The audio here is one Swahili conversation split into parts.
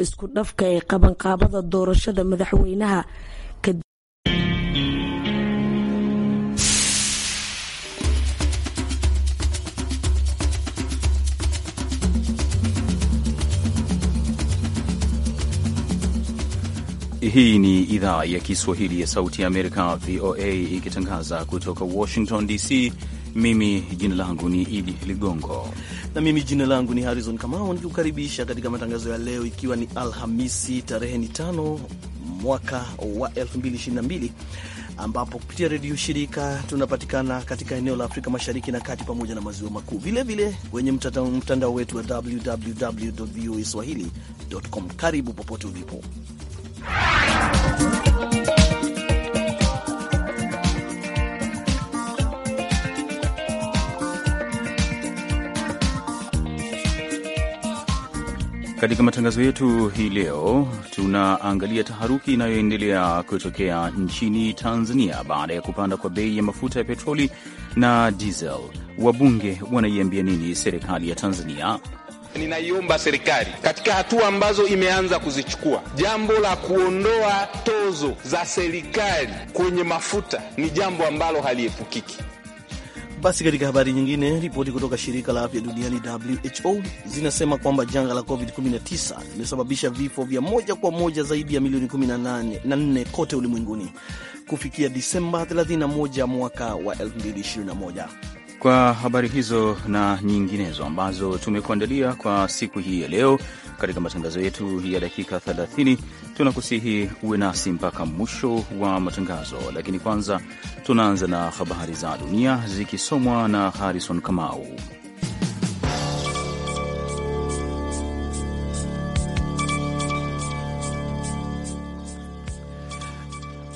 isku dhafka ee qabanqaabada doorashada madaxweynaha Hii ni idhaa ya Kiswahili ya Sauti ya Amerika, VOA, ikitangaza kutoka Washington DC. Mimi jina langu ni Idi Ligongo na mimi jina langu ni Harrison Kamau, nikikukaribisha katika matangazo ya leo, ikiwa ni Alhamisi tarehe ni tano mwaka wa 2022 ambapo kupitia redio shirika tunapatikana katika eneo la Afrika Mashariki na Kati pamoja na maziwa makuu, vilevile kwenye mtandao wetu wa www voa swahili.com. Karibu popote ulipo Katika matangazo yetu hii leo tunaangalia taharuki inayoendelea kutokea nchini Tanzania baada ya kupanda kwa bei ya mafuta ya petroli na diesel. Wabunge wanaiambia nini serikali ya Tanzania? Ninaiomba serikali katika hatua ambazo imeanza kuzichukua, jambo la kuondoa tozo za serikali kwenye mafuta ni jambo ambalo haliepukiki. Basi katika habari nyingine, ripoti kutoka shirika la afya duniani WHO zinasema kwamba janga la COVID-19 limesababisha vifo vya moja kwa moja zaidi ya milioni 1na 14 kote ulimwenguni kufikia Disemba 31 mwaka wa 2021. Kwa habari hizo na nyinginezo ambazo tumekuandalia kwa siku hii ya leo katika matangazo yetu ya dakika 30. Tunakusihi uwe nasi mpaka mwisho wa matangazo, lakini kwanza tunaanza na habari za dunia zikisomwa na Harrison Kamau.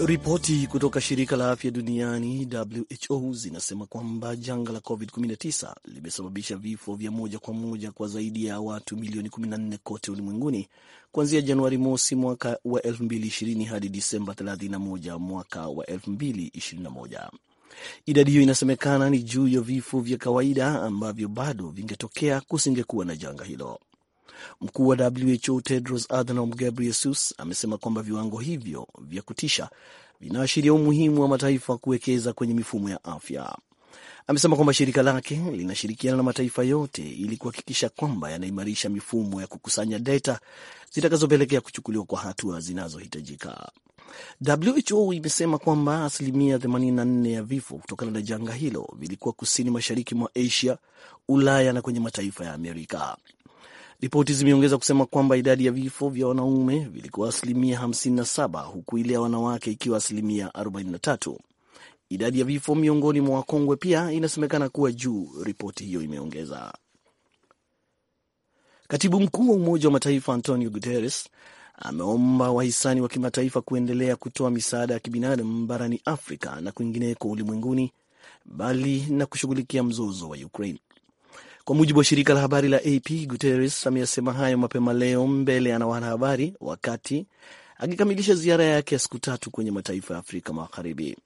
Ripoti kutoka shirika la afya duniani WHO zinasema kwamba janga la COVID-19 limesababisha vifo vya moja kwa moja kwa zaidi ya watu milioni 14 kote ulimwenguni kuanzia Januari mosi mwaka wa 2020 hadi Disemba 31 mwaka wa 2021. Idadi hiyo inasemekana ni juu ya vifo vya kawaida ambavyo bado vingetokea kusingekuwa na janga hilo. Mkuu wa WHO Tedros Adhanom Ghebreyesus amesema kwamba viwango hivyo vya kutisha vinaashiria umuhimu wa mataifa kuwekeza kwenye mifumo ya afya. Amesema kwamba shirika lake linashirikiana na mataifa yote ili kuhakikisha kwamba yanaimarisha mifumo ya kukusanya data zitakazopelekea kuchukuliwa kwa hatua zinazohitajika. WHO imesema kwamba asilimia 84 ya vifo kutokana na janga hilo vilikuwa kusini mashariki mwa Asia, Ulaya na kwenye mataifa ya Amerika. Ripoti zimeongeza kusema kwamba idadi ya vifo vya wanaume vilikuwa asilimia 57 huku ile ya wanawake ikiwa asilimia 43. Idadi ya vifo miongoni mwa wakongwe pia inasemekana kuwa juu, ripoti hiyo imeongeza. Katibu mkuu wa Umoja wa Mataifa Antonio Guterres ameomba wahisani wa kimataifa kuendelea kutoa misaada ya kibinadamu barani Afrika na kwingineko ulimwenguni, bali na kushughulikia mzozo wa Ukraine. Kwa mujibu wa shirika la habari la AP, Guterres ameyasema hayo mapema leo mbele ana wanahabari wakati akikamilisha ziara yake ya siku tatu kwenye mataifa ya Afrika Magharibi.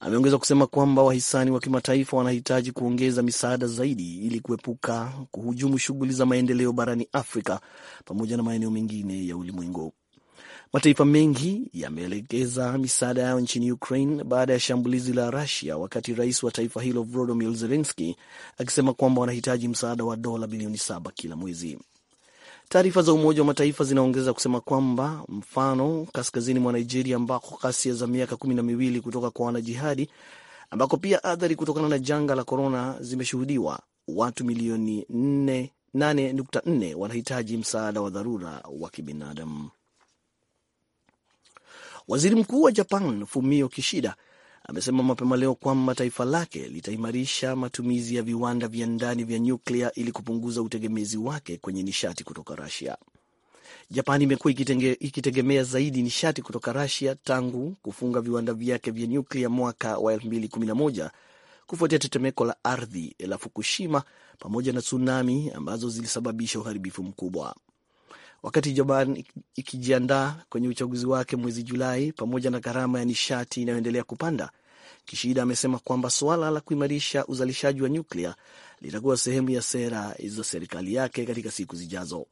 Ameongeza kusema kwamba wahisani wa kimataifa wanahitaji kuongeza misaada zaidi ili kuepuka kuhujumu shughuli za maendeleo barani Afrika pamoja na maeneo mengine ya ulimwengu. Mataifa mengi yameelekeza misaada yao nchini Ukraine baada ya shambulizi la Rusia, wakati rais wa taifa hilo Volodymyr Zelensky akisema kwamba wanahitaji msaada wa dola bilioni saba kila mwezi. Taarifa za Umoja wa Mataifa zinaongeza kusema kwamba mfano kaskazini mwa Nigeria, ambako ghasia za miaka kumi na miwili kutoka kwa wanajihadi, ambako pia athari kutokana na janga la korona zimeshuhudiwa, watu milioni 8.4 wanahitaji msaada wa dharura wa kibinadamu. Waziri Mkuu wa Japan Fumio Kishida amesema mapema leo kwamba taifa lake litaimarisha matumizi ya viwanda vya ndani vya nyuklia ili kupunguza utegemezi wake kwenye nishati kutoka Rusia. Japan imekuwa ikitegemea zaidi nishati kutoka Rusia tangu kufunga viwanda vyake vya nyuklia mwaka wa 2011 kufuatia tetemeko la ardhi la Fukushima pamoja na tsunami ambazo zilisababisha uharibifu mkubwa wakati Japan ikijiandaa kwenye uchaguzi wake mwezi Julai, pamoja na gharama ya nishati inayoendelea kupanda. Kishida amesema kwamba suala la kuimarisha uzalishaji wa nyuklia litakuwa sehemu ya sera za serikali yake katika siku zijazo.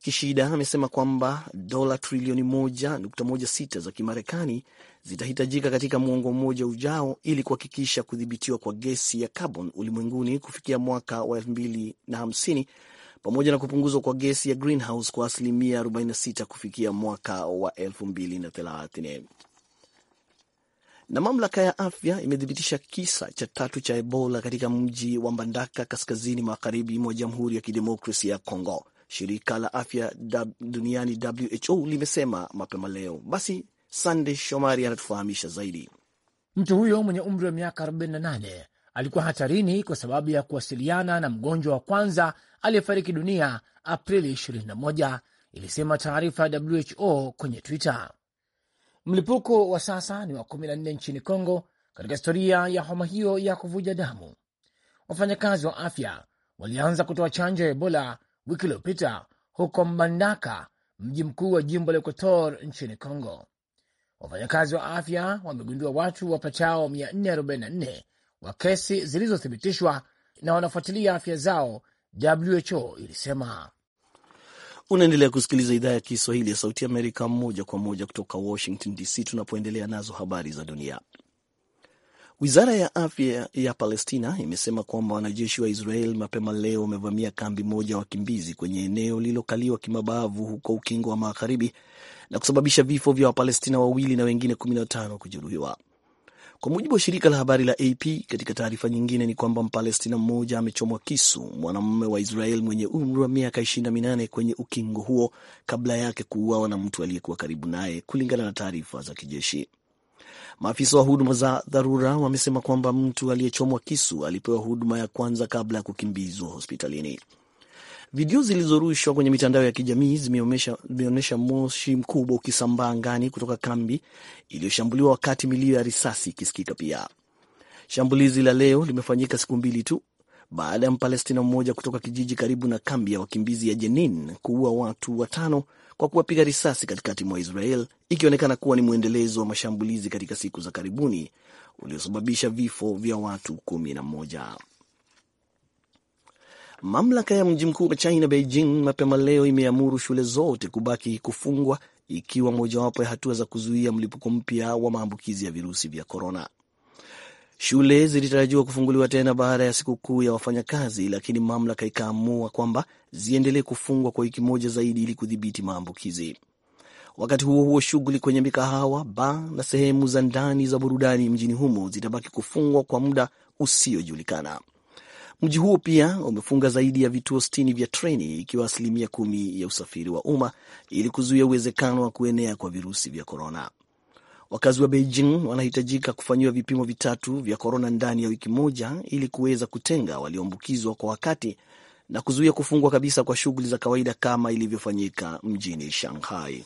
Kishida amesema kwamba dola trilioni 1.16 za Kimarekani zitahitajika katika mwongo mmoja ujao ili kuhakikisha kudhibitiwa kwa gesi ya carbon ulimwenguni kufikia mwaka wa 2050 pamoja na kupunguzwa kwa gesi ya greenhouse kwa asilimia 46 kufikia mwaka wa 2030. Na mamlaka ya afya imethibitisha kisa cha tatu cha Ebola katika mji wa Mbandaka kaskazini magharibi mwa Jamhuri ya Kidemokrasia ya congo Shirika la afya duniani WHO limesema mapema leo. Basi Sande Shomari anatufahamisha zaidi. Mtu huyo mwenye umri wa miaka 48 alikuwa hatarini kwa sababu ya kuwasiliana na mgonjwa wa kwanza aliyefariki dunia Aprili 21, ilisema taarifa ya WHO kwenye Twitter. Mlipuko wa sasa ni wa 14 nchini congo katika historia ya homa hiyo ya kuvuja damu. Wafanyakazi wa afya walianza kutoa chanjo ya Ebola wiki iliyopita huko Mbandaka, mji mkuu wa jimbo la Equator nchini congo Wafanyakazi wa afya wamegundua watu wapatao 444 wa kesi zilizothibitishwa na wanafuatilia afya zao, WHO ilisema. Unaendelea kusikiliza idhaa ya Kiswahili ya Sauti Amerika moja kwa moja kutoka Washington DC, tunapoendelea nazo habari za dunia. Wizara ya afya ya Palestina imesema kwamba wanajeshi wa Israel mapema leo wamevamia kambi moja ya wakimbizi kwenye eneo lililokaliwa kimabavu huko Ukingo wa Magharibi na kusababisha vifo vya Wapalestina wawili na wengine 15 kujeruhiwa. Kwa mujibu wa shirika la habari la AP, katika taarifa nyingine ni kwamba Mpalestina mmoja amechomwa kisu mwanamume wa Israel mwenye umri wa miaka 28 kwenye ukingo huo kabla yake kuuawa na mtu aliyekuwa karibu naye, kulingana na taarifa za kijeshi. Maafisa wa huduma za dharura wamesema kwamba mtu aliyechomwa kisu alipewa huduma ya kwanza kabla ya kukimbizwa hospitalini. Video zilizorushwa kwenye mitandao ya kijamii zimeonyesha moshi mkubwa ukisambaa angani kutoka kambi iliyoshambuliwa, wakati milio ya risasi ikisikika. Pia shambulizi la leo limefanyika siku mbili tu baada ya Mpalestina mmoja kutoka kijiji karibu na kambi ya wakimbizi ya Jenin kuua watu watano kwa kuwapiga risasi katikati mwa Israel, ikionekana kuwa ni mwendelezo wa mashambulizi katika siku za karibuni uliosababisha vifo vya watu kumi na moja. Mamlaka ya mji mkuu wa China, Beijing, mapema leo imeamuru shule zote kubaki kufungwa ikiwa mojawapo ya hatua za kuzuia mlipuko mpya wa maambukizi ya virusi vya korona. Shule zilitarajiwa kufunguliwa tena baada ya sikukuu ya wafanyakazi, lakini mamlaka ikaamua kwamba ziendelee kufungwa kwa wiki moja zaidi ili kudhibiti maambukizi. Wakati huo huo, shughuli kwenye mikahawa, baa na sehemu za ndani za burudani mjini humo zitabaki kufungwa kwa muda usiojulikana. Mji huo pia umefunga zaidi ya vituo sitini vya treni ikiwa asilimia kumi ya usafiri wa umma ili kuzuia uwezekano wa kuenea kwa virusi vya korona. Wakazi wa Beijing wanahitajika kufanyiwa vipimo vitatu vya korona ndani ya wiki moja ili kuweza kutenga walioambukizwa kwa wakati na kuzuia kufungwa kabisa kwa shughuli za kawaida kama ilivyofanyika mjini Shanghai.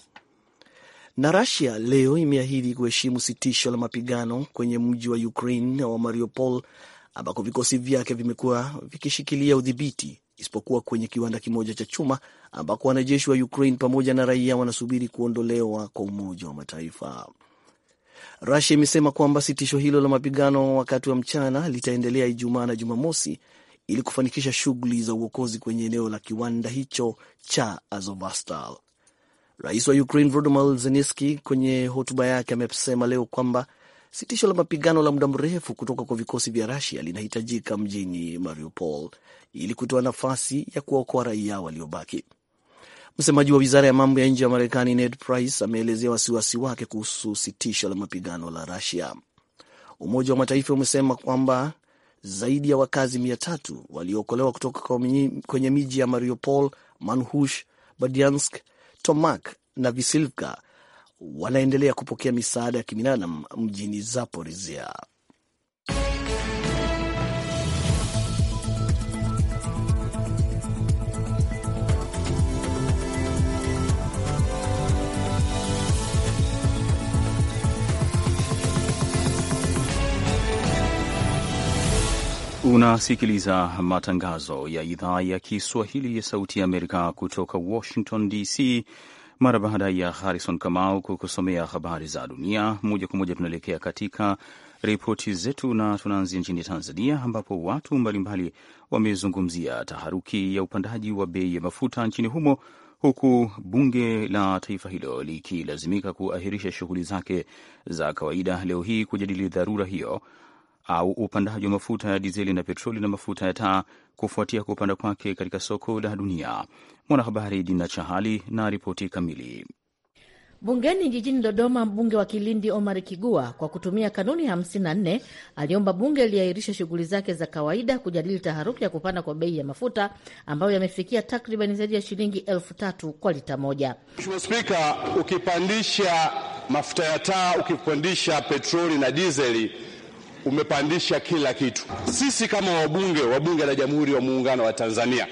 Na rasia leo imeahidi kuheshimu sitisho la mapigano kwenye mji wa Ukraine wa Mariupol ambako vikosi vyake vimekuwa vikishikilia udhibiti isipokuwa kwenye kiwanda kimoja cha chuma ambako wanajeshi wa Ukraine pamoja na raia wanasubiri kuondolewa kwa Umoja wa Mataifa. Rusia imesema kwamba sitisho hilo la mapigano wakati wa mchana litaendelea Ijumaa na Jumamosi ili kufanikisha shughuli za uokozi kwenye eneo la kiwanda hicho cha Azovstal. Rais wa Ukraine Volodymyr Zelensky kwenye hotuba yake amesema leo kwamba Sitisho la mapigano la muda mrefu kutoka kwa vikosi vya Rusia linahitajika mjini Mariupol ili kutoa nafasi ya kuwaokoa raia waliobaki. Msemaji wa wizara ya mambo ya nje ya Marekani Ned Price ameelezea wasiwasi wake kuhusu sitisho la mapigano la Rusia. Umoja wa Mataifa umesema kwamba zaidi ya wakazi mia tatu waliookolewa kutoka kwenye miji ya Mariupol, Manhush, Badiansk, Tomak na Visilka wanaendelea kupokea misaada ya kibinadamu mjini Zaporizhia. Unasikiliza matangazo ya idhaa ya Kiswahili ya Sauti ya Amerika kutoka Washington DC. Mara baada ya Harrison Kamau kukusomea habari za dunia moja kwa moja, tunaelekea katika ripoti zetu na tunaanzia nchini Tanzania ambapo watu mbalimbali wamezungumzia taharuki ya upandaji wa bei ya mafuta nchini humo huku bunge la taifa hilo likilazimika kuahirisha shughuli zake za kawaida leo hii kujadili dharura hiyo au upandaji wa mafuta ya dizeli na petroli na mafuta ya taa kufuatia kupanda kwake katika soko la dunia. Mwanahabari Dina Chahali na ripoti kamili. Bungeni jijini Dodoma, mbunge wa Kilindi Omar Kigua kwa kutumia kanuni 54 aliomba bunge liahirishe shughuli zake za kawaida kujadili taharuki ya kupanda kwa bei ya mafuta ambayo yamefikia takriban zaidi ya shilingi elfu tatu kwa lita moja. Mheshimiwa Spika, ukipandisha mafuta ya taa, ukipandisha petroli na dizeli, umepandisha kila kitu. Sisi kama wabunge wa Bunge la Jamhuri ya Muungano wa Tanzania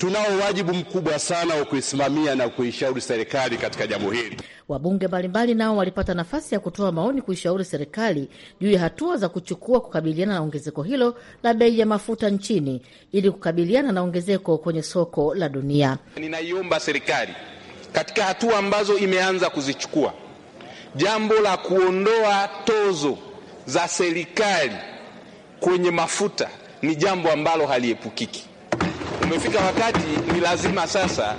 Tunao wajibu mkubwa sana wa kuisimamia na kuishauri serikali katika jambo hili. Wabunge mbalimbali nao walipata nafasi ya kutoa maoni kuishauri serikali juu ya hatua za kuchukua kukabiliana na ongezeko hilo la bei ya mafuta nchini ili kukabiliana na ongezeko kwenye soko la dunia. Ninaiomba serikali katika hatua ambazo imeanza kuzichukua, jambo la kuondoa tozo za serikali kwenye mafuta ni jambo ambalo haliepukiki umefika wakati ni lazima sasa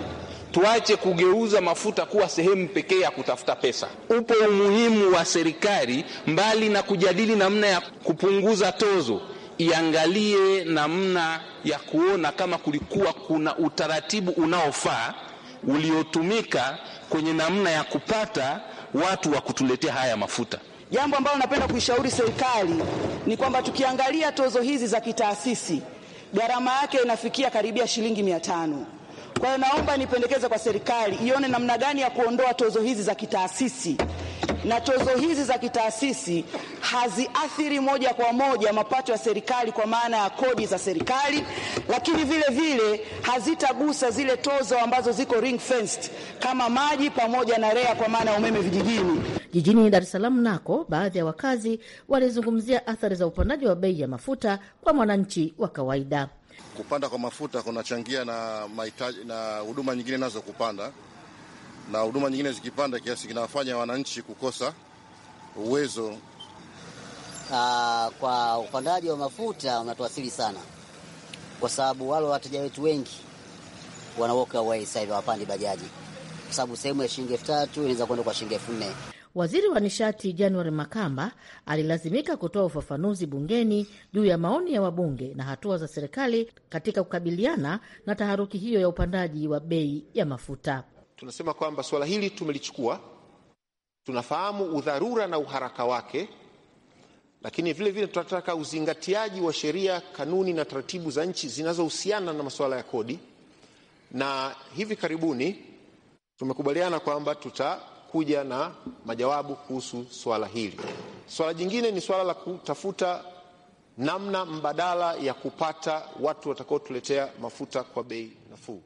tuache kugeuza mafuta kuwa sehemu pekee ya kutafuta pesa. Upo umuhimu wa serikali, mbali na kujadili namna ya kupunguza tozo, iangalie namna ya kuona kama kulikuwa kuna utaratibu unaofaa uliotumika kwenye namna ya kupata watu wa kutuletea haya mafuta. Jambo ambalo napenda kuishauri serikali ni kwamba tukiangalia tozo hizi za kitaasisi gharama yake inafikia karibia shilingi mia tano. Kwa hiyo naomba nipendekeze kwa serikali ione namna gani ya kuondoa tozo hizi za kitaasisi na tozo hizi za kitaasisi haziathiri moja kwa moja mapato ya serikali kwa maana ya kodi za serikali, lakini vile vile hazitagusa zile tozo ambazo ziko ring fenced kama maji pamoja na REA kwa maana ya umeme vijijini. Jijini Dar es Salaam nako baadhi ya wakazi walizungumzia athari za upandaji wa bei ya mafuta kwa mwananchi wa kawaida. Kupanda kwa mafuta kunachangia na mahitaji na huduma nyingine nazo kupanda na huduma nyingine zikipanda kiasi kinawafanya wananchi kukosa uwezo. Uh, kwa upandaji wa mafuta unatuathiri sana, kwa sababu wale wateja wetu wengi wana walk away sasa hivi hawapandi bajaji, kwa sababu sehemu ya shilingi elfu tatu inaweza kwenda kwa shilingi elfu nne. Waziri wa nishati Januari Makamba alilazimika kutoa ufafanuzi bungeni juu ya maoni ya wabunge na hatua za serikali katika kukabiliana na taharuki hiyo ya upandaji wa bei ya mafuta tunasema kwamba swala hili tumelichukua, tunafahamu udharura na uharaka wake, lakini vile vile tunataka uzingatiaji wa sheria, kanuni na taratibu za nchi zinazohusiana na masuala ya kodi, na hivi karibuni tumekubaliana kwamba tutakuja na majawabu kuhusu swala hili. Swala jingine ni swala la kutafuta namna mbadala ya kupata watu watakaotuletea mafuta kwa bei nafuu.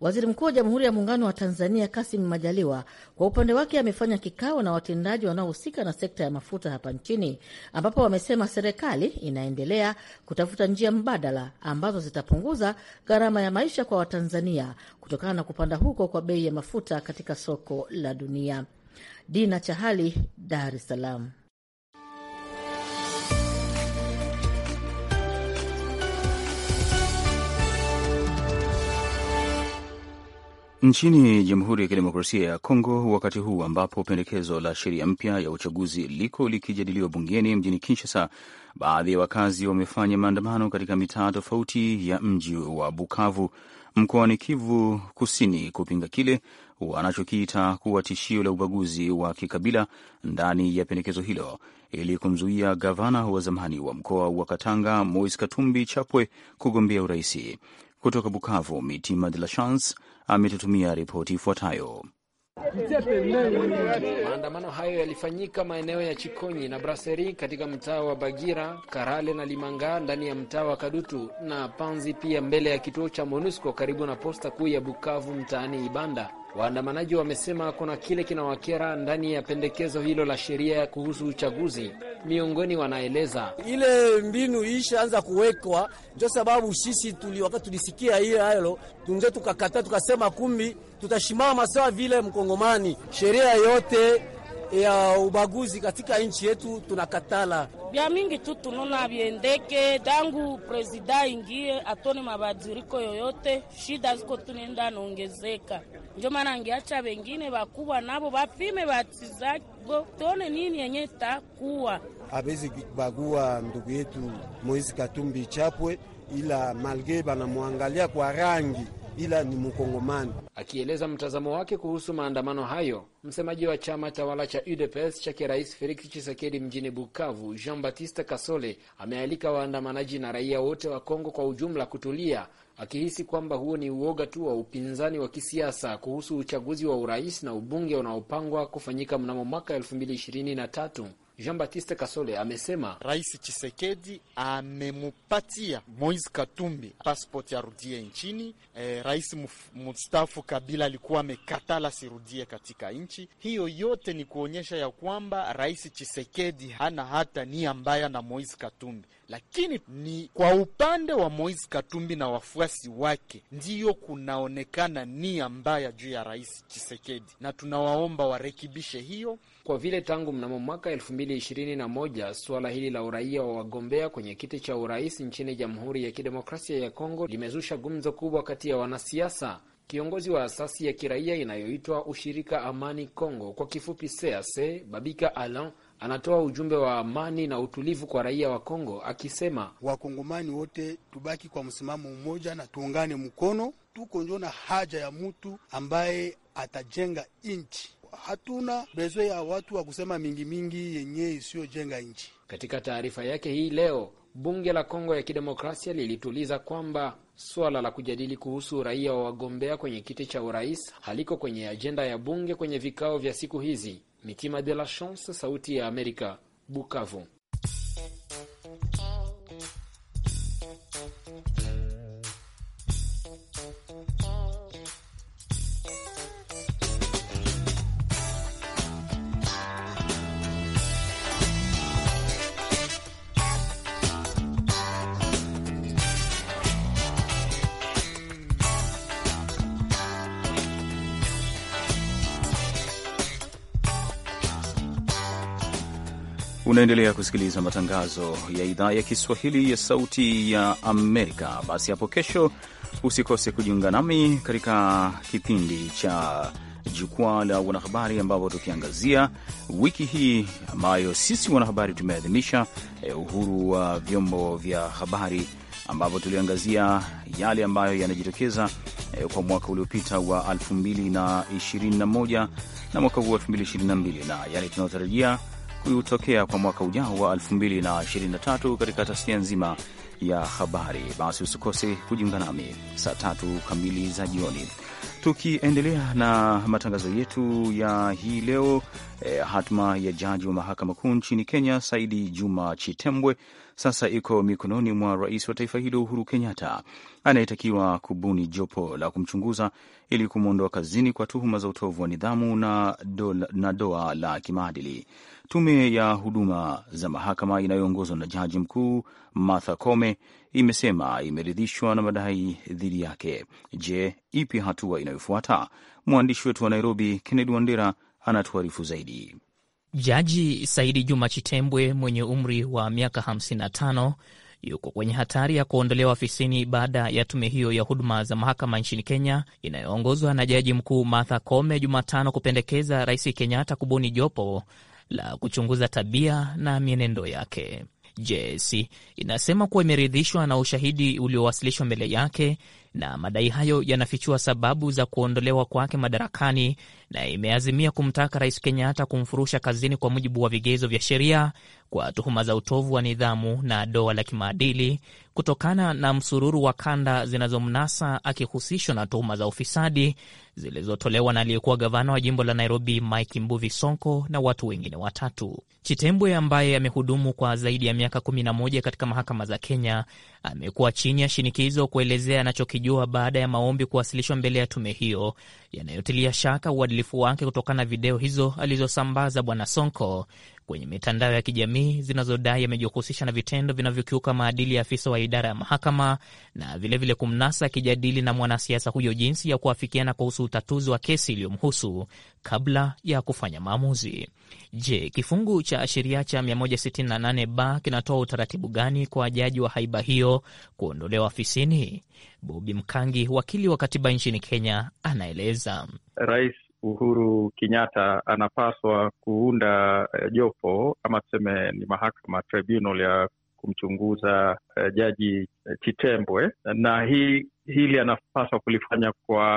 Waziri Mkuu wa Jamhuri ya Muungano wa Tanzania Kasim Majaliwa kwa upande wake amefanya kikao na watendaji wanaohusika na sekta ya mafuta hapa nchini, ambapo wamesema serikali inaendelea kutafuta njia mbadala ambazo zitapunguza gharama ya maisha kwa Watanzania kutokana na kupanda huko kwa bei ya mafuta katika soko la dunia. Dina Chahali, Dar es Salaam. Nchini Jamhuri ya Kidemokrasia ya Kongo, wakati huu ambapo pendekezo la sheria mpya ya uchaguzi liko likijadiliwa bungeni mjini Kinshasa, baadhi ya wakazi wamefanya maandamano katika mitaa tofauti ya mji wa Bukavu mkoani Kivu Kusini kupinga kile wanachokiita kuwa tishio la ubaguzi wa kikabila ndani ya pendekezo hilo, ili kumzuia gavana wa zamani wa mkoa wa Katanga Moise Katumbi Chapwe kugombea uraisi. Kutoka Bukavu, Mitima de la Chance ametutumia ripoti ifuatayo. Maandamano hayo yalifanyika maeneo ya Chikonyi na Braseri katika mtaa wa Bagira, Karale na Limanga ndani ya mtaa wa Kadutu na Panzi, pia mbele ya kituo cha MONUSCO karibu na posta kuu ya Bukavu mtaani Ibanda. Waandamanaji wamesema kuna kile kinawakera ndani ya pendekezo hilo la sheria kuhusu uchaguzi. Miongoni wanaeleza ile mbinu ishaanza kuwekwa, ndio sababu sisi tuli, wakati tulisikia hiyo hilo tunje tukakata tukasema kumbi tutashimama sawa vile Mkongomani, sheria yote ya ubaguzi katika nchi yetu tunakatala bya mingi tu tunona biendeke tangu prezida ingie atone mabadiriko yoyote, shida ziko tunenda naongezeka. njo maana angeacha bengine bakubwa nabo bapime batizako, tuone nini yenye takuwa abezi bagua ndugu yetu Moizi Katumbi Chapwe, ila malge banamwangalia kwa rangi ila ni Mkongomani. Akieleza mtazamo wake kuhusu maandamano hayo, msemaji wa chama tawala cha UDPS chake Rais Felix chisekedi mjini Bukavu, Jean Baptiste Kasole, amealika waandamanaji na raia wote wa Kongo kwa ujumla kutulia, akihisi kwamba huo ni uoga tu wa upinzani wa kisiasa kuhusu uchaguzi wa urais na ubunge unaopangwa kufanyika mnamo mwaka 2023. Jean Baptiste Kasole amesema Rais Chisekedi amemupatia Moise Katumbi pasipoti arudie nchini. E, rais mustafu Kabila alikuwa amekatala sirudie katika nchi hiyo. Yote ni kuonyesha ya kwamba Rais Chisekedi hana hata nia mbaya na Moise Katumbi lakini ni kwa upande wa Moise Katumbi na wafuasi wake ndiyo kunaonekana nia mbaya juu ya Rais Chisekedi, na tunawaomba warekebishe hiyo, kwa vile tangu mnamo mwaka elfu mbili ishirini na moja suala hili la uraia wa wagombea kwenye kiti cha urais nchini Jamhuri ya Kidemokrasia ya Kongo limezusha gumzo kubwa kati ya wanasiasa. Kiongozi wa asasi ya kiraia inayoitwa Ushirika Amani Kongo, kwa kifupi CAC, Babika Alan anatoa ujumbe wa amani na utulivu kwa raia wa Kongo akisema, wakongomani wote tubaki kwa msimamo mmoja na tuungane mkono. Tuko njo na haja ya mtu ambaye atajenga nchi, hatuna bezwe ya watu wa kusema mingi mingi yenye isiyojenga nchi. Katika taarifa yake hii leo, bunge la Kongo ya Kidemokrasia lilituliza kwamba suala la kujadili kuhusu uraia wa wagombea kwenye kiti cha urais haliko kwenye ajenda ya bunge kwenye vikao vya siku hizi. Mitima de la Chance, Sauti ya Amerika, Bukavu. Unaendelea kusikiliza matangazo ya idhaa ya Kiswahili ya Sauti ya Amerika. Basi hapo kesho usikose kujiunga nami katika kipindi cha Jukwaa la Wanahabari, ambapo tukiangazia wiki hii ambayo sisi wanahabari tumeadhimisha eh, uhuru wa vyombo vya habari, ambapo tuliangazia yale ambayo yanajitokeza eh, kwa mwaka uliopita wa 2021 na mwaka huu wa 2022 na yale tunaotarajia kutokea kwa mwaka ujao wa 2023 katika tasnia nzima ya habari. Basi usikose kujiunga nami saa tatu kamili za jioni tukiendelea na matangazo yetu ya hii leo. Eh, hatma ya jaji wa mahakama kuu nchini Kenya Saidi Juma Chitembwe sasa iko mikononi mwa rais wa taifa hilo Uhuru Kenyatta, anayetakiwa kubuni jopo la kumchunguza ili kumwondoa kazini kwa tuhuma za utovu wa nidhamu na, do, na doa la kimaadili. Tume ya huduma za mahakama inayoongozwa na jaji mkuu Martha Koome imesema imeridhishwa na madai dhidi yake. Je, ipi hatua inayofuata? Mwandishi wetu wa Nairobi Kennedy Wandera anatuarifu zaidi. Jaji Saidi Juma Chitembwe mwenye umri wa miaka 55 yuko kwenye hatari ya kuondolewa afisini baada ya tume hiyo ya huduma za mahakama nchini Kenya inayoongozwa na jaji mkuu Martha Koome Jumatano kupendekeza Rais Kenyatta kubuni jopo la kuchunguza tabia na mienendo yake. JSC inasema kuwa imeridhishwa na ushahidi uliowasilishwa mbele yake na madai hayo yanafichua sababu za kuondolewa kwake madarakani, na imeazimia kumtaka Rais Kenyatta kumfurusha kazini kwa mujibu wa vigezo vya sheria, kwa tuhuma za utovu wa nidhamu na doa la kimaadili kutokana na msururu wa kanda zinazomnasa akihusishwa na tuhuma za ufisadi zilizotolewa na aliyekuwa gavana wa jimbo la Nairobi Mike Mbuvi Sonko na watu wengine watatu. Chitembwe ambaye amehudumu kwa zaidi ya miaka 11 katika mahakama za Kenya amekuwa chini ya shinikizo kuelezea anachokijua baada ya maombi kuwasilishwa mbele ya tume hiyo yanayotilia shaka uadilifu wake kutokana na video hizo alizosambaza Bwana Sonko kwenye mitandao ya kijamii zinazodai yamejihusisha na vitendo vinavyokiuka maadili ya afisa wa idara ya mahakama na vilevile vile kumnasa akijadili na mwanasiasa huyo jinsi ya kuafikiana kuhusu utatuzi wa kesi iliyomhusu kabla ya kufanya maamuzi. Je, kifungu cha sheria cha 168 ba kinatoa utaratibu gani kwa jaji wa haiba hiyo kuondolewa ofisini? Bobi Mkangi, wakili wa katiba nchini Kenya, anaeleza. Rais Uhuru Kenyatta anapaswa kuunda eh, jopo ama tuseme ni mahakama tribunal ya kumchunguza uh, jaji eh, Chitembwe eh? na hii hili anapaswa kulifanya kwa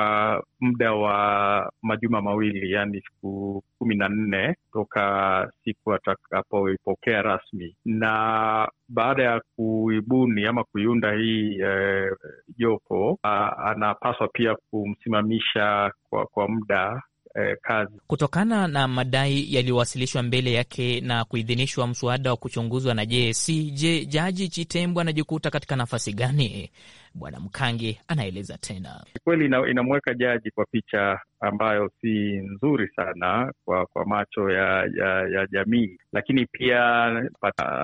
muda wa majuma mawili, yaani siku kumi na nne toka siku atakapoipokea rasmi. Na baada ya kuibuni ama kuiunda hii jopo eh, anapaswa pia kumsimamisha kwa, kwa muda eh, kazi. Kutokana na madai yaliyowasilishwa mbele yake na kuidhinishwa mswada wa kuchunguzwa na JSC, je, Jaji Chitembwe anajikuta katika nafasi gani? Bwana Mkangi anaeleza tena. Kweli inamweka jaji kwa picha ambayo si nzuri sana kwa kwa macho ya ya, ya jamii, lakini pia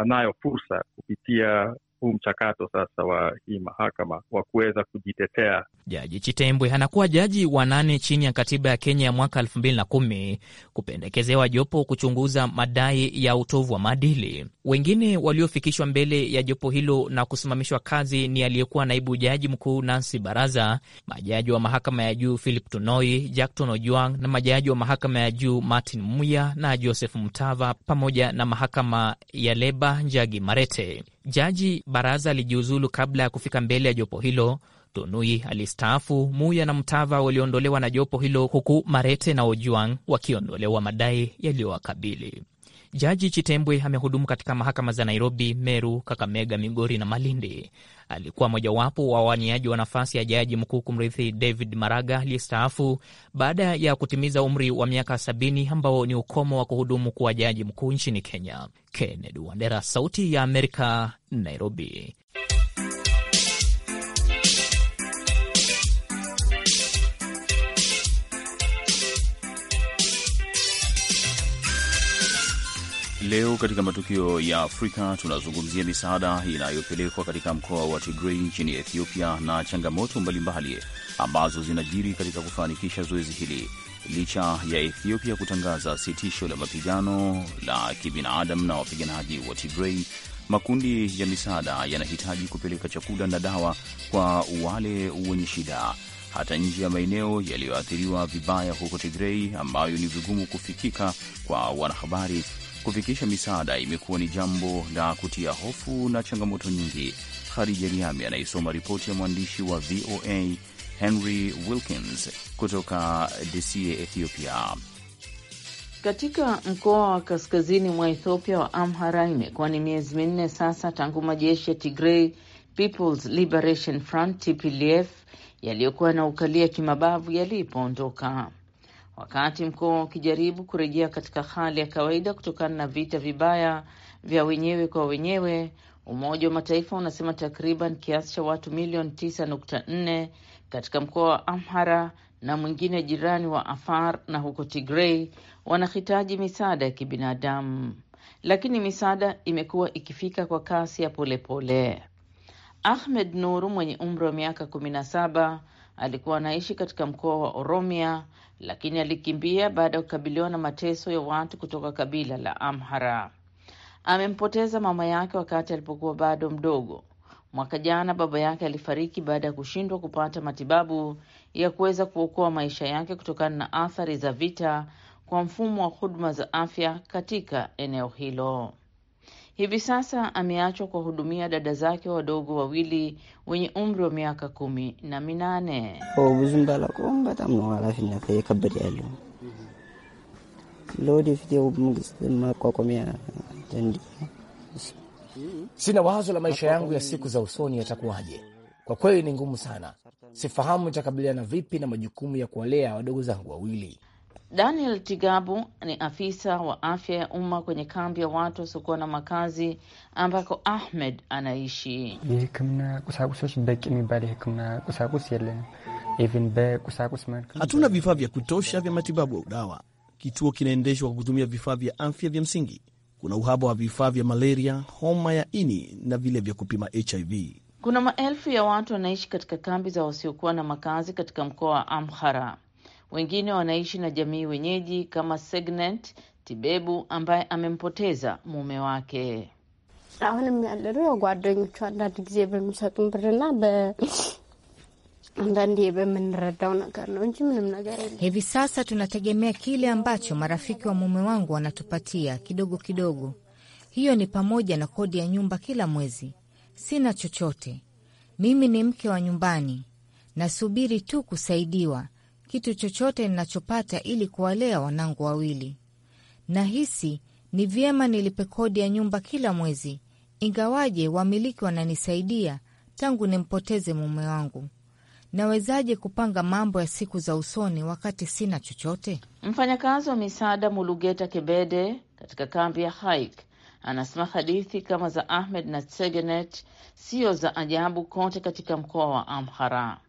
anayo fursa kupitia huu mchakato sasa wa hii mahakama wa kuweza kujitetea. Jaji Chitembwe anakuwa jaji wa nane chini ya katiba ya Kenya ya mwaka elfu mbili na kumi kupendekezewa jopo kuchunguza madai ya utovu wa maadili. Wengine waliofikishwa mbele ya jopo hilo na kusimamishwa kazi ni aliyekuwa naibu jaji mkuu Nancy Baraza, majaji wa mahakama ya juu Philip Tunoi, Jackton ojuang na majaji wa mahakama ya juu Martin Muya na Joseph Mtava pamoja na mahakama ya leba Njagi Marete. Jaji baraza alijiuzulu kabla ya kufika mbele ya jopo hilo. Tunui alistaafu, Muya na Mtava waliondolewa na jopo hilo, huku Marete na Ojuang wakiondolewa madai yaliyowakabili. Jaji Chitembwe amehudumu katika mahakama za Nairobi, Meru, Kakamega, Migori na Malindi. Alikuwa mojawapo wa wawaniaji wa nafasi ya jaji mkuu kumrithi David Maraga aliyestaafu baada ya kutimiza umri wa miaka sabini ambao ni ukomo wa kuhudumu kuwa jaji mkuu nchini Kenya. Kennedy Wandera, Sauti ya Amerika, Nairobi. Leo katika matukio ya Afrika tunazungumzia misaada inayopelekwa katika mkoa wa Tigrei nchini Ethiopia na changamoto mbalimbali ambazo zinajiri katika kufanikisha zoezi hili. Licha ya Ethiopia kutangaza sitisho la mapigano la kibinadamu na wapiganaji wa Tigrei, makundi ya misaada yanahitaji kupeleka chakula na dawa kwa wale wenye shida hata nje ya maeneo yaliyoathiriwa vibaya huko Tigrei ambayo ni vigumu kufikika kwa wanahabari kufikisha misaada imekuwa ni jambo la kutia hofu na changamoto nyingi. Khadija Riami anaisoma ripoti ya mwandishi wa VOA Henry Wilkins kutoka Desie, Ethiopia. Katika mkoa wa kaskazini mwa Ethiopia wa Amhara, imekuwa ni miezi minne sasa tangu majeshi ya Tigray People's Liberation Front TPLF yaliyokuwa na ukalia kimabavu yalipoondoka wakati mkoa ukijaribu kurejea katika hali ya kawaida kutokana na vita vibaya vya wenyewe kwa wenyewe. Umoja wa Mataifa unasema takriban kiasi cha watu milioni 9.4 katika mkoa wa Amhara na mwingine jirani wa Afar na huko Tigrei wanahitaji misaada ya kibinadamu, lakini misaada imekuwa ikifika kwa kasi ya polepole pole. Ahmed Nuru mwenye umri wa miaka saba alikuwa anaishi katika mkoa wa Oromia lakini alikimbia baada ya kukabiliwa na mateso ya watu kutoka kabila la Amhara. Amempoteza mama yake wakati alipokuwa bado mdogo. Mwaka jana baba yake alifariki baada ya kushindwa kupata matibabu ya kuweza kuokoa maisha yake kutokana na athari za vita kwa mfumo wa huduma za afya katika eneo hilo hivi sasa ameachwa kuwahudumia dada zake wadogo wawili wenye umri wa miaka kumi na minane. ብዙም ባላውቀውም Sina wazo la maisha yangu ya siku za usoni yatakuwaje. Kwa kweli ni ngumu sana, sifahamu nitakabiliana vipi na majukumu ya kuwalea wadogo zangu wawili. Daniel Tigabu ni afisa wa afya ya umma kwenye kambi ya watu wasiokuwa na makazi ambako Ahmed anaishi. Hatuna vifaa vya kutosha vya matibabu au dawa. Kituo kinaendeshwa kwa kutumia vifaa vya afya vya msingi. Kuna uhaba wa vifaa vya malaria, homa ya ini na vile vya kupima HIV. Kuna maelfu ya watu wanaishi katika kambi za wasiokuwa na makazi katika mkoa wa Amhara. Wengine wanaishi na jamii wenyeji kama Segnet Tibebu ambaye amempoteza mume wake. አሁንም ጓደኞቹ አንዳንድ ጊዜ በሚሰጡን ብርና በምንረዳው ነገር ነው እንጂ ምንም ነገር የለም። Hivi sasa tunategemea kile ambacho marafiki wa mume wangu wanatupatia kidogo kidogo. Hiyo ni pamoja na kodi ya nyumba kila mwezi. Sina chochote. Mimi ni mke wa nyumbani, nasubiri tu kusaidiwa kitu chochote ninachopata ili kuwalea wanangu wawili. Nahisi ni vyema nilipe kodi ya nyumba kila mwezi, ingawaje wamiliki wananisaidia tangu nimpoteze mume wangu. Nawezaje kupanga mambo ya siku za usoni wakati sina chochote? Mfanyakazi wa misaada Mulugeta Kebede katika kambi ya Haik anasema hadithi kama za Ahmed na Tsegenet siyo za ajabu kote katika mkoa wa Amhara.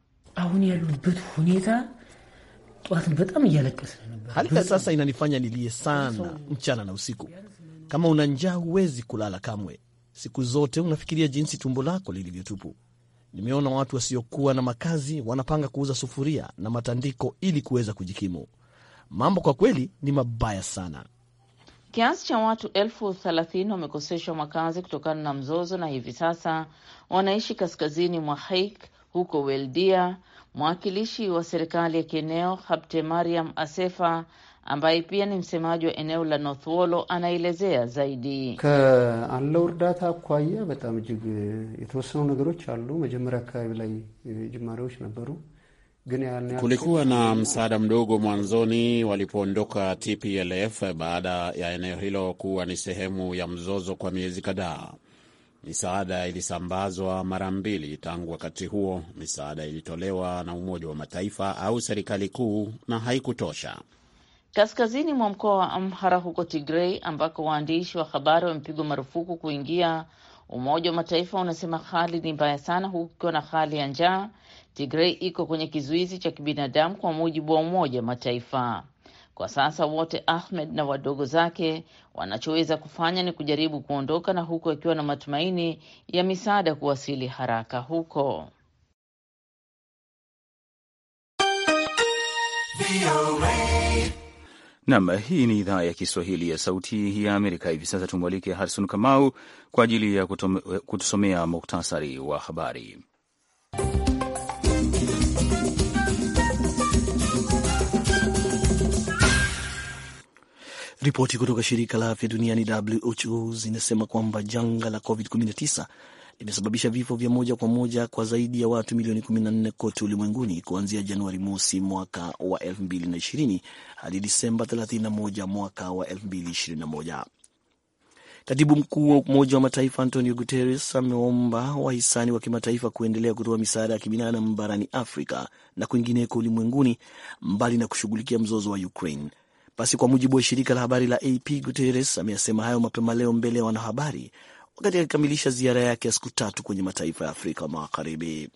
ጠዋት በጣም እያለቀስ ነበር። Hali ya sasa inanifanya nilie sana mchana na usiku. Kama una njaa huwezi kulala kamwe, siku zote unafikiria jinsi tumbo lako lilivyotupu. Nimeona watu wasiokuwa na makazi wanapanga kuuza sufuria na matandiko ili kuweza kujikimu. Mambo kwa kweli ni mabaya sana. Kiasi cha watu elfu thelathini wamekoseshwa makazi kutokana na mzozo na hivi sasa wanaishi kaskazini mwa Haik huko Weldia Mwakilishi wa serikali ya kieneo Habte Mariam Asefa ambaye pia ni msemaji wa eneo la northwolo anaelezea zaidi. ከአለው እርዳታ አኳያ በጣም እጅግ የተወሰኑ ነገሮች አሉ። መጀመሪያ አካባቢ ላይ ጅማሬዎች ነበሩ። Kulikuwa na msaada mdogo mwanzoni walipoondoka TPLF baada ya eneo hilo kuwa ni sehemu ya mzozo kwa miezi kadhaa. Misaada ilisambazwa mara mbili tangu wakati huo. Misaada ilitolewa na Umoja wa Mataifa au serikali kuu na haikutosha. Kaskazini mwa mkoa wa Amhara huko Tigrei, ambako waandishi wa habari wamepigwa marufuku kuingia, Umoja wa Mataifa unasema hali ni mbaya sana, huku kukiwa na hali ya njaa. Tigrei iko kwenye kizuizi cha kibinadamu kwa mujibu wa Umoja wa Mataifa. Kwa sasa wote Ahmed na wadogo zake wanachoweza kufanya ni kujaribu kuondoka, na huku akiwa na matumaini ya misaada kuwasili haraka huko. Nam, hii ni idhaa ya Kiswahili ya Sauti ya Amerika. Hivi sasa tumwalike Harison Kamau kwa ajili ya kutusomea muktasari wa habari. Ripoti kutoka shirika la afya duniani WHO zinasema kwamba janga la COVID-19 limesababisha vifo vya moja kwa moja kwa zaidi ya watu milioni 14 kote ulimwenguni kuanzia Januari mosi mwaka wa 2020 hadi Disemba 31 mwaka wa 2021. Katibu mkuu wa Umoja wa Mataifa Antonio Guterres ameomba wahisani wa kimataifa kuendelea kutoa misaada ya kibinadamu barani Afrika na kwingineko ulimwenguni, mbali na kushughulikia mzozo wa Ukraine basi kwa mujibu wa shirika la habari la AP, Guterres ameyasema hayo mapema leo mbele ya wanahabari wakati akikamilisha ziara yake ya siku tatu kwenye mataifa ya Afrika Magharibi.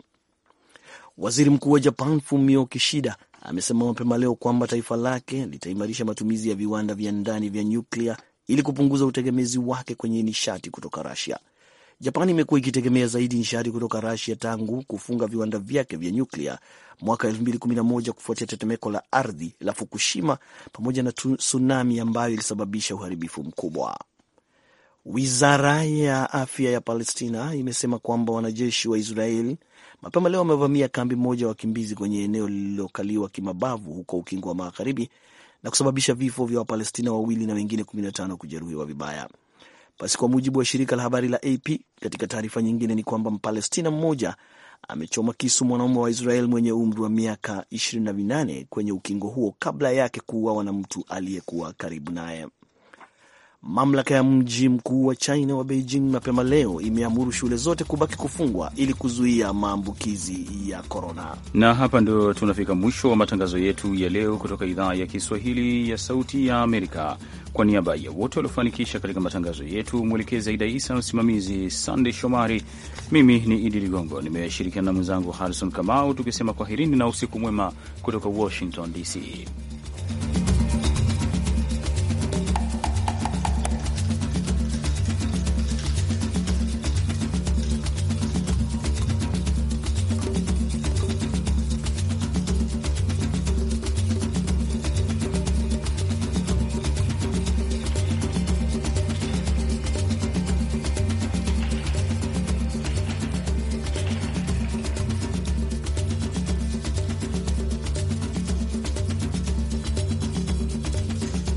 Waziri Mkuu wa Japan Fumio Kishida amesema mapema leo kwamba taifa lake litaimarisha matumizi ya viwanda vya ndani vya nyuklia ili kupunguza utegemezi wake kwenye nishati kutoka Rusia. Japani imekuwa ikitegemea zaidi nishati kutoka Rusia tangu kufunga viwanda vyake vya nyuklia mwaka 2011 kufuatia tetemeko la ardhi la Fukushima pamoja na tsunami ambayo ilisababisha uharibifu mkubwa. Wizara ya afya ya Palestina imesema kwamba wanajeshi wa Israeli mapema leo wamevamia kambi moja ya wakimbizi kwenye eneo lililokaliwa kimabavu huko Ukingo wa Magharibi na kusababisha vifo vya Wapalestina wawili na wengine 15 kujeruhiwa vibaya. Basi kwa mujibu wa shirika la habari la AP, katika taarifa nyingine ni kwamba Mpalestina mmoja amechoma kisu mwanaume wa Israel mwenye umri wa miaka 28 kwenye ukingo huo kabla yake kuuawa na mtu aliyekuwa karibu naye. Mamlaka ya mji mkuu wa China wa Beijing mapema leo imeamuru shule zote kubaki kufungwa ili kuzuia maambukizi ya korona. Na hapa ndo tunafika mwisho wa matangazo yetu ya leo kutoka idhaa ya Kiswahili ya Sauti ya Amerika. Kwa niaba ya wote waliofanikisha katika matangazo yetu, mwelekezi Aida Isa, msimamizi Sandey Shomari, mimi ni Idi Ligongo nimeshirikiana na mwenzangu Harrison Kamau tukisema kwaherini na usiku mwema kutoka Washington DC.